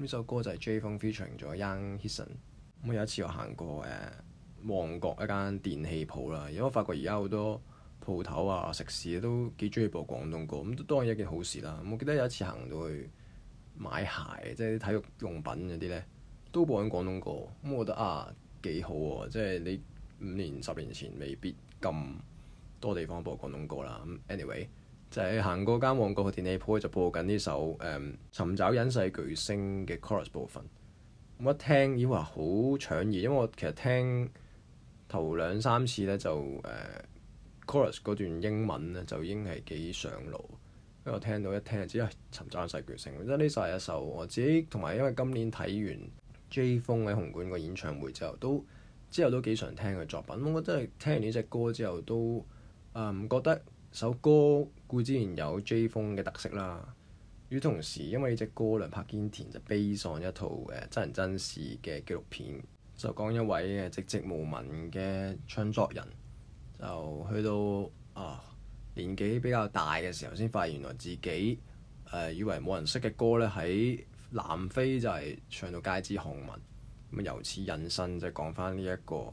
呢首歌就係 Jay Fung featuring 咗 Young Hysan 咁有一次我行過誒、啊、旺角一間電器鋪啦，因為我發覺而家好多鋪頭啊、食肆都幾中意播廣東歌，咁都當然一件好事啦。我記得有一次行到去買鞋，即係啲體育用品嗰啲咧，都播緊廣東歌，咁、嗯、我覺得啊幾好喎、啊，即係你五年、十年前未必咁多地方播廣東歌啦。咁、嗯、Anyway。就係行過間旺角嘅電器鋪就播緊呢首誒、嗯《尋找隱世巨星》嘅 chorus 部分。咁一聽，以為好搶耳，因為我其實聽頭兩三次咧就誒、呃、chorus 嗰段英文咧就已經係幾上路。咁我聽到一聽就知啊，哎《尋找隱世巨星》即呢首係一首我自己同埋，因為今年睇完 Jay Fung 喺紅館個演唱會之後，都之後都幾常聽佢作品。咁我真係聽完呢隻歌之後都唔、嗯、覺得。首歌固之然有 Jay Fung 嘅特色啦，與同時，因為呢隻歌梁柏堅填就悲壯一套誒真人真事嘅紀錄片，就講一位誒寂寂無聞嘅創作人，就去到啊年紀比較大嘅時候，先發現原來自己誒、呃、以為冇人識嘅歌咧，喺南非就係唱到街知巷聞，咁由此引申，就講翻呢一個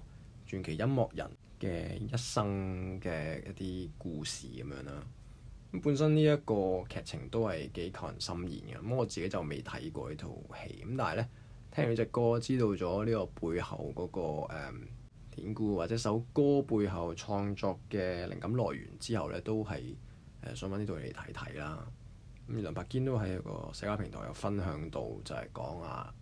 傳奇音樂人。嘅一生嘅一啲故事咁樣啦，咁本身呢一個劇情都係幾扣人心弦嘅。咁我自己就未睇過呢套戲，咁但係呢，聽完隻歌，知道咗呢個背後嗰個誒典故、或者首歌背後創作嘅靈感來源之後呢，都係誒想揾呢度嚟睇睇啦。咁梁柏堅都喺個社交平台有分享到，就係講啊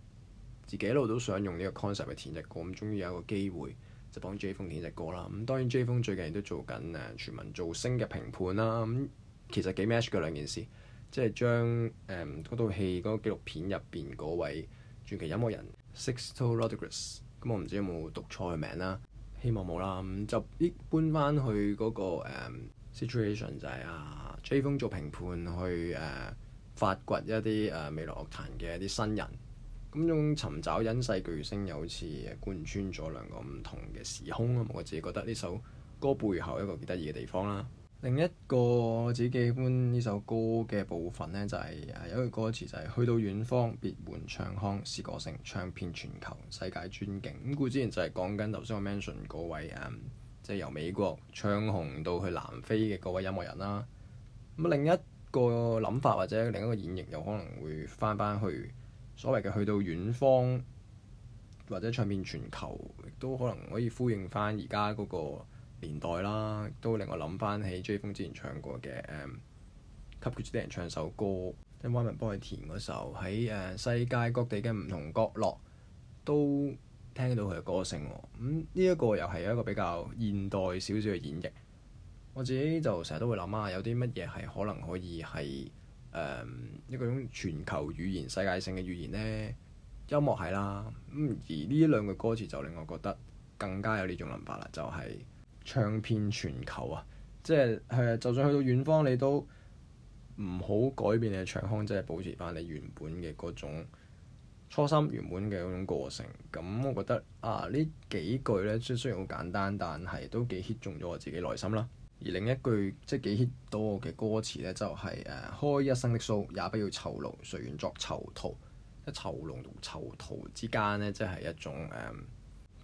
自己一路都想用呢個 concept 去填隻歌，咁終於有一個機會。就幫 J 風點隻歌啦，咁當然 J 風最近亦都做緊誒全民造星嘅評判啦，咁、嗯、其實幾 match 嘅兩件事，即係將誒嗰套戲嗰紀錄片入邊嗰位傳奇音樂人 Sixto Rodriguez，咁、嗯、我唔知有冇讀錯佢名啦，希望冇啦，咁就一搬翻去嗰、那個、嗯、situation 就係、是、啊 J 風做評判去誒、啊、發掘一啲誒未來樂壇嘅一啲新人。咁用尋找隱世巨聲又好似貫穿咗兩個唔同嘅時空啊！我自己覺得呢首歌背後一個幾得意嘅地方啦。另一個我自己喜歡呢首歌嘅部分呢，就係、是、有一句歌詞就係、是：去到遠方，別換唱腔，是個性唱遍全球，世界尊敬。咁故之然就係講緊頭先我 mention 嗰位誒，即、嗯、係、就是、由美國唱紅到去南非嘅嗰位音樂人啦。咁、嗯、另一個諗法或者另一個演繹，有可能會返返去。所謂嘅去到遠方或者唱遍全球，亦都可能可以呼應翻而家嗰個年代啦。都令我諗翻起 Jay Fung 之前唱過嘅誒，給佢啲人唱首歌，跟 Wyman 幫佢填嗰首，喺誒、uh, 世界各地嘅唔同角落都聽到佢嘅歌聲、哦。咁呢一個又係一個比較現代少少嘅演繹。我自己就成日都會諗啊，有啲乜嘢係可能可以係。誒、um, 一個種全球語言、世界性嘅語言呢，音樂係啦。咁而呢兩句歌詞就令我覺得更加有呢種諗法啦，就係、是、唱遍全球啊！即係、啊、就算去到遠方，你都唔好改變你嘅唱腔，即、就、係、是、保持返你原本嘅嗰種初心、原本嘅嗰種個性。咁我覺得啊，呢幾句呢，雖雖然好簡單，但係都幾 hit 中咗我自己內心啦。而另一句即係幾多嘅歌詞呢，就係、是、誒、啊、開一生的蘇，也不要囚牢，誰願作囚徒？囚籠同囚徒之間呢，即係一種誒、嗯、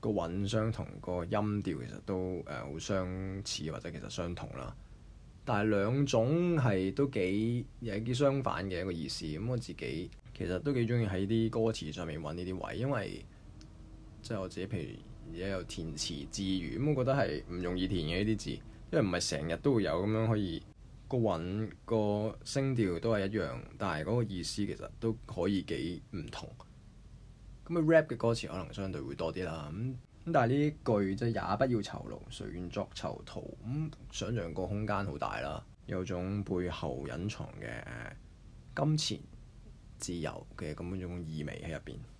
個韻相同個音調，其實都誒好、呃、相似或者其實相同啦。但係兩種係都幾有幾相反嘅一個意思。咁、嗯、我自己其實都幾中意喺啲歌詞上面揾呢啲位，因為即係我自己，譬如而家有填詞自娛，咁、嗯、我覺得係唔容易填嘅呢啲字。因為唔係成日都會有咁樣可以個韻個聲調都係一樣，但係嗰個意思其實都可以幾唔同。咁、那、啊、個、rap 嘅歌詞可能相對會多啲啦。咁、嗯、咁但係呢句即係也不要酬勞，誰願作囚徒？咁、嗯、想像個空間好大啦，有種背後隱藏嘅金錢自由嘅咁樣一種意味喺入邊。